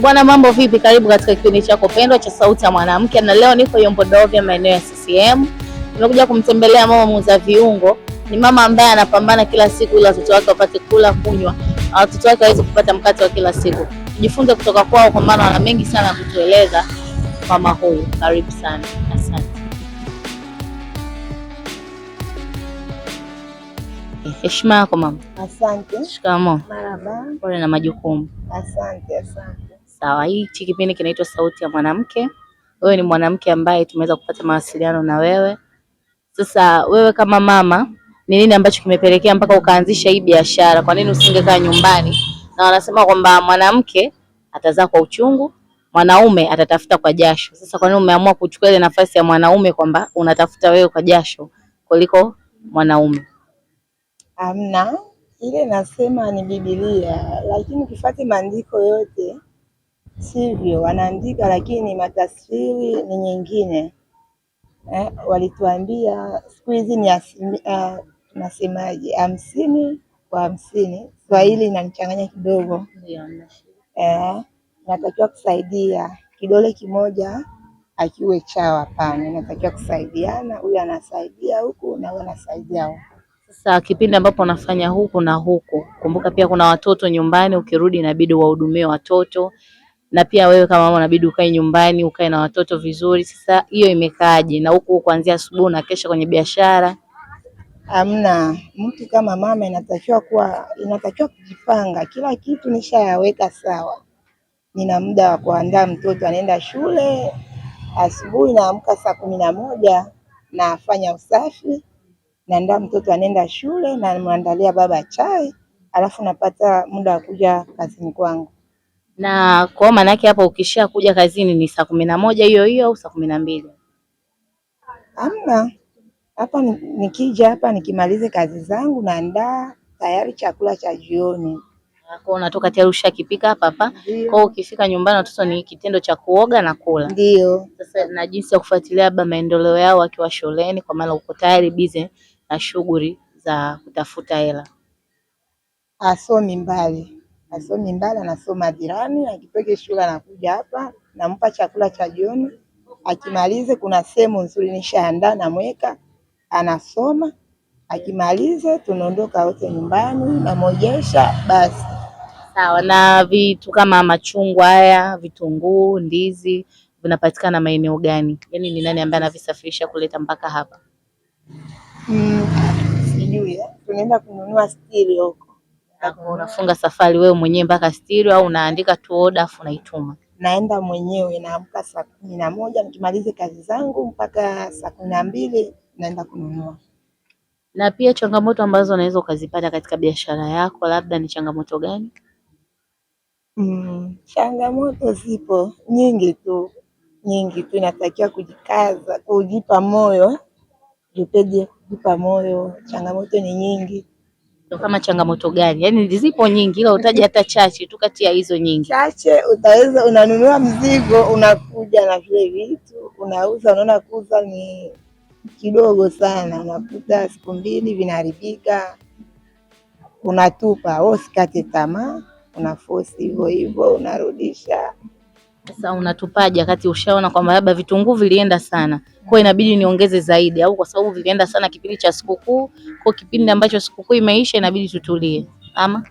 Bwana, mambo vipi? Karibu katika kipindi chako pendwa cha Sauti ya Mwanamke, na leo niko Yombo Dovya, maeneo ya CCM. Nimekuja kumtembelea mama muuza viungo. Ni mama ambaye anapambana kila siku ili watoto wake wapate kula, kunywa, watoto wake waweze kupata mkate wa kila siku. Jifunze kutoka kwao, kwa maana wana mengi sana ya kutueleza. Mama huyu, karibu sana, asante. Heshima yako mama. Asante. Shikamoo. Marhaba. Pole na majukumu. Asante, asante. Sawa, hichi kipindi kinaitwa Sauti ya Mwanamke. Wewe ni mwanamke ambaye tumeweza kupata mawasiliano na wewe. Sasa wewe kama mama, ni nini ambacho kimepelekea mpaka ukaanzisha hii biashara? Kwa nini usingekaa nyumbani? Na wanasema kwamba mwanamke atazaa kwa uchungu, mwanaume atatafuta kwa jasho. Sasa kwa nini umeamua kuchukua ile nafasi ya mwanaume kwamba unatafuta wewe kwa jasho kuliko mwanaume? Amna, ile nasema ni Biblia, lakini ukifuata maandiko yote sivyo, wanaandika lakini mataswiri ni nyingine eh. Walituambia siku hizi ni uh, ah, nasemaje, hamsini kwa hamsini. Swahili inanichanganya kidogo eh, natakiwa kusaidia kidole kimoja akiwe chawa, hapana, inatakiwa kusaidiana, huyu anasaidia huku na huyu anasaidia huku. Sasa kipindi ambapo unafanya huku na huku, kumbuka pia kuna watoto nyumbani, ukirudi inabidi wahudumie watoto na pia wewe kama mama unabidi ukae nyumbani, ukae na watoto vizuri. Sasa hiyo imekaaje? Na huku kuanzia asubuhi na kesha kwenye biashara Hamna. Mtu kama mama inatakiwa kuwa inatakiwa kujipanga, kila kitu nishayaweka sawa. Nina muda wa kuandaa mtoto, anaenda shule asubuhi, naamka saa kumi na moja nafanya usafi, naandaa mtoto anaenda shule, namwandalia baba chai, alafu napata muda wa kuja kazini kwangu na kwao, maanake hapo kuja kazini ni saa kumi na moja hiyo hiyo au saa kumi na mbili? Amna, hapa nikija hapa nikimalize kazi zangu naandaa tayari chakula cha jioni. Ah, kwa unatoka tayari ushakipika hapa hapa. Kwa ukifika nyumbani watoto ni kitendo cha kuoga na kula. Ndio. Sasa na jinsi ya kufuatilia labda maendeleo yao akiwa shuleni, kwa maana uko tayari busy na shughuli za kutafuta hela. Asomi mbali Asomi Mbala, anasoma dirani akipeke shule anakuja hapa, nampa chakula cha jioni. Akimalize kuna sehemu nzuri nishaandaa, namweka anasoma. Akimalize tunaondoka wote nyumbani, namojesha basi. Sawa. Na vitu kama machungwa haya, vitunguu, ndizi vinapatikana maeneo gani? Yaani ni nani ambaye anavisafirisha kuleta mpaka hapa? Mm, sijui eh. tunaenda kununua stili huko unafunga safari wewe mwenyewe mpaka stiri au unaandika tu oda afu unaituma. Naenda mwenyewe, naamka saa kumi na moja nikimalize kazi zangu mpaka saa kumi na mbili naenda kununua. Na pia changamoto ambazo unaweza ukazipata katika biashara yako, labda ni changamoto gani? Mm, changamoto zipo nyingi tu, nyingi tu. Inatakiwa kujikaza, kujipa moyo, jipende kujipa moyo. Changamoto ni nyingi. Ndo kama changamoto gani? Yaani zipo nyingi, ila utaje hata chache tu kati ya hizo nyingi. Chache utaweza, unanunua mzigo unakuja na vile vitu unauza, unaona kuuza ni kidogo sana, unakuta siku mbili vinaharibika, unatupa. Wewe usikate tamaa, unafosi hivyo hivyo, unarudisha sasa unatupaje wakati ushaona kwamba labda vitunguu vilienda sana, kwa inabidi niongeze zaidi, au kwa sababu vilienda sana kipindi cha sikukuu, kwa kipindi ambacho sikukuu imeisha inabidi tutulie, ama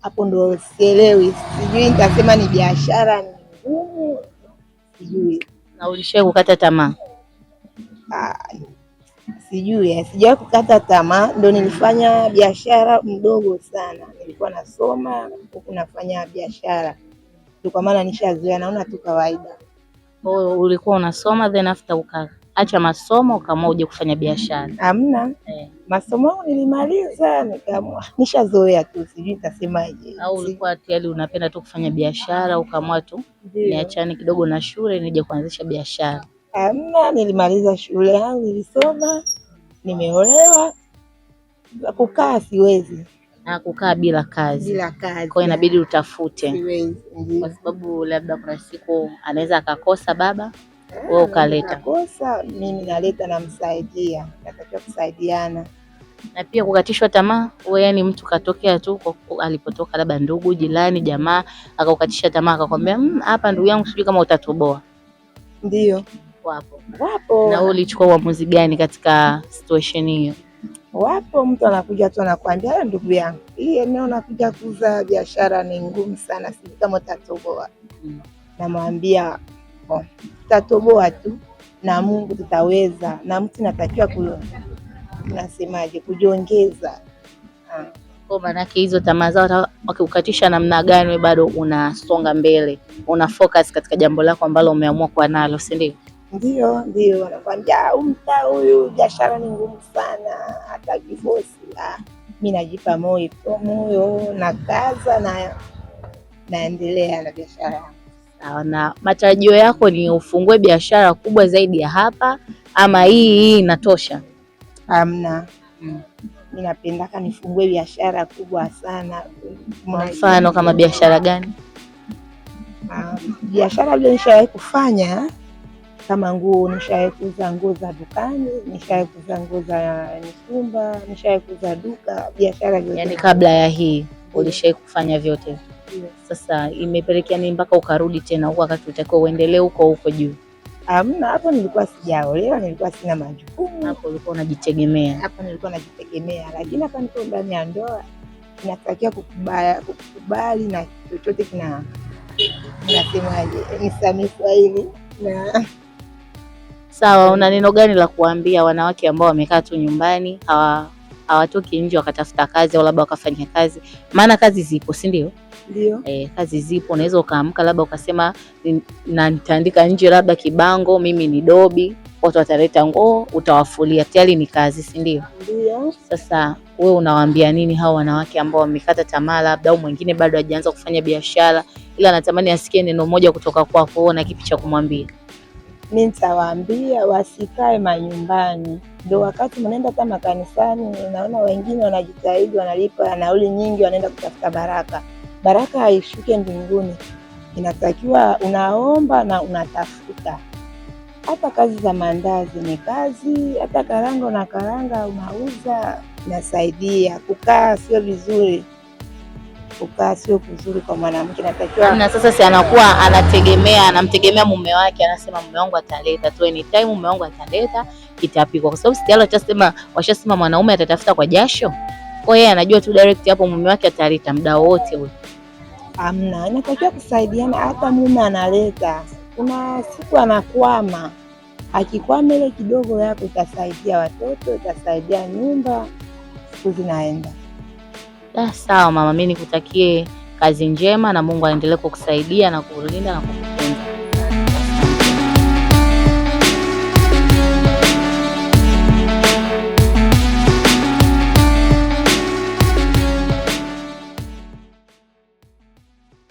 hapo ndo sielewi, sijui nitasema ni biashara ni ngumu, sijui. Na ulishawahi kukata tamaa? Sijui, sijawahi kukata tamaa. Ndo nilifanya biashara mdogo sana, nilikuwa nasoma huku nafanya biashara ndio kwa maana nishazoea, naona tu kawaida. Oh, ulikuwa unasoma then after ukaacha masomo ukaamua uje kufanya biashara? Hamna eh. Masomo yangu nilimaliza, nikaamua nishazoea tu, sijui nitasemaje. Au ulikuwa tayari unapenda tu kufanya biashara ukaamua tu niachane kidogo na shule nije kuanzisha biashara? Hamna, nilimaliza shule yangu, nilisoma, nimeolewa, kukaa siwezi na kukaa bila kazi, bila kazi. Kwa hiyo inabidi utafute mhm. kwa sababu labda kuna siku anaweza akakosa baba wewe ah, ukaleta kosa, mimi naleta, namsaidia, natakiwa kusaidiana. Na pia kukatishwa tamaa, wewe yani mtu katokea tu alipotoka, labda ndugu, jirani, jamaa, akakukatisha tamaa, akakwambia mm, hapa, ndugu yangu, sijui kama utatoboa. Ndio wapo wapo. Na wewe ulichukua uamuzi gani katika situation hiyo? Wapo mtu anakuja tu anakuambia ndugu yangu, hii eneo nakuja kuuza biashara ni ngumu sana, sijui kama utatoboa. Mm. Namwambia oh, tutatoboa tu na Mungu tutaweza, na mtu natakiwa ku nasemaje, kujiongeza. Kwa ah. oh, maanake hizo tamaa zao wakikukatisha namna gani, bado unasonga mbele, una focus katika jambo lako ambalo umeamua kuwa nalo, si ndio? Ndio, ndio wanakwambia u mtaa huyu biashara ni ngumu sana, hata kifosi. Mi najipa moyo moyo, nakaza na naendelea na biashara Sawa. Na matarajio yako ni ufungue biashara kubwa zaidi ya hapa ama hii hii inatosha? amna Mm. Mi napendaka nifungue biashara kubwa sana. Kwa mfano kama biashara gani? Um, biashara vile nishawahi kufanya kama nguo, nishawahi kuuza nguo za dukani, nishawahi kuuza nguo za mitumba, nishawahi kuuza duka biashara yote. Yani kabla ya hii ulishai kufanya vyote? Yes. Sasa imepelekea nini mpaka ukarudi tena huko, wakati utakiwa uendelee huko huko juu? Amna, hapo nilikuwa sijaolewa, nilikuwa sina majukumu. Hapo ulikuwa unajitegemea? Hapo nilikuwa najitegemea, lakini hapa niko ndani ya ndoa, inatakiwa kukubali, kukubali na chochote kina, nasemaje, nisamee Kiswahili na Sawa, una neno gani la kuambia wanawake ambao wamekaa tu nyumbani hawa hawatoki nje wakatafuta kazi au labda wakafanya kazi, maana kazi zipo, si ndio? Ndio. E, kazi zipo, unaweza ukaamka labda ukasema na nitaandika nje labda kibango, mimi ni dobi, watu wataleta nguo, utawafulia, tayari ni kazi, si ndio? Ndio. Sasa wewe unawaambia nini hao wanawake ambao wamekata tamaa, labda au mwingine bado hajaanza kufanya biashara, ila anatamani asikie neno moja kutoka kwako, na kipi cha kumwambia? mi nitawaambia wasikae manyumbani. Ndo wakati mnaenda hata makanisani, naona wengine wanajitahidi, wanalipa nauli nyingi, wanaenda kutafuta baraka. Baraka haishuke mbinguni, inatakiwa unaomba na unatafuta. Hata kazi za mandazi ni kazi, hata karanga na karanga, unauza, nasaidia Kukaa sio vizuri kukaa sio kuzuri kwa mwanamke, natakiwa na sasa, si anakuwa anategemea, anamtegemea mume wake, anasema mume wangu ataleta tu anytime, mume wangu ataleta, kitapikwa kwa sababu sijala chasema, washasema mwanaume atatafuta kwa jasho, kwa yeye anajua tu direct hapo mume wake ataleta muda wote huyo. Amna, inatakiwa kusaidiana. Hata mume analeta, kuna siku anakwama, akikwama ile kidogo yako itasaidia watoto, itasaidia nyumba, siku zinaenda. Da, ah, sawa mama, mimi nikutakie kazi njema na Mungu aendelee kukusaidia na kulinda na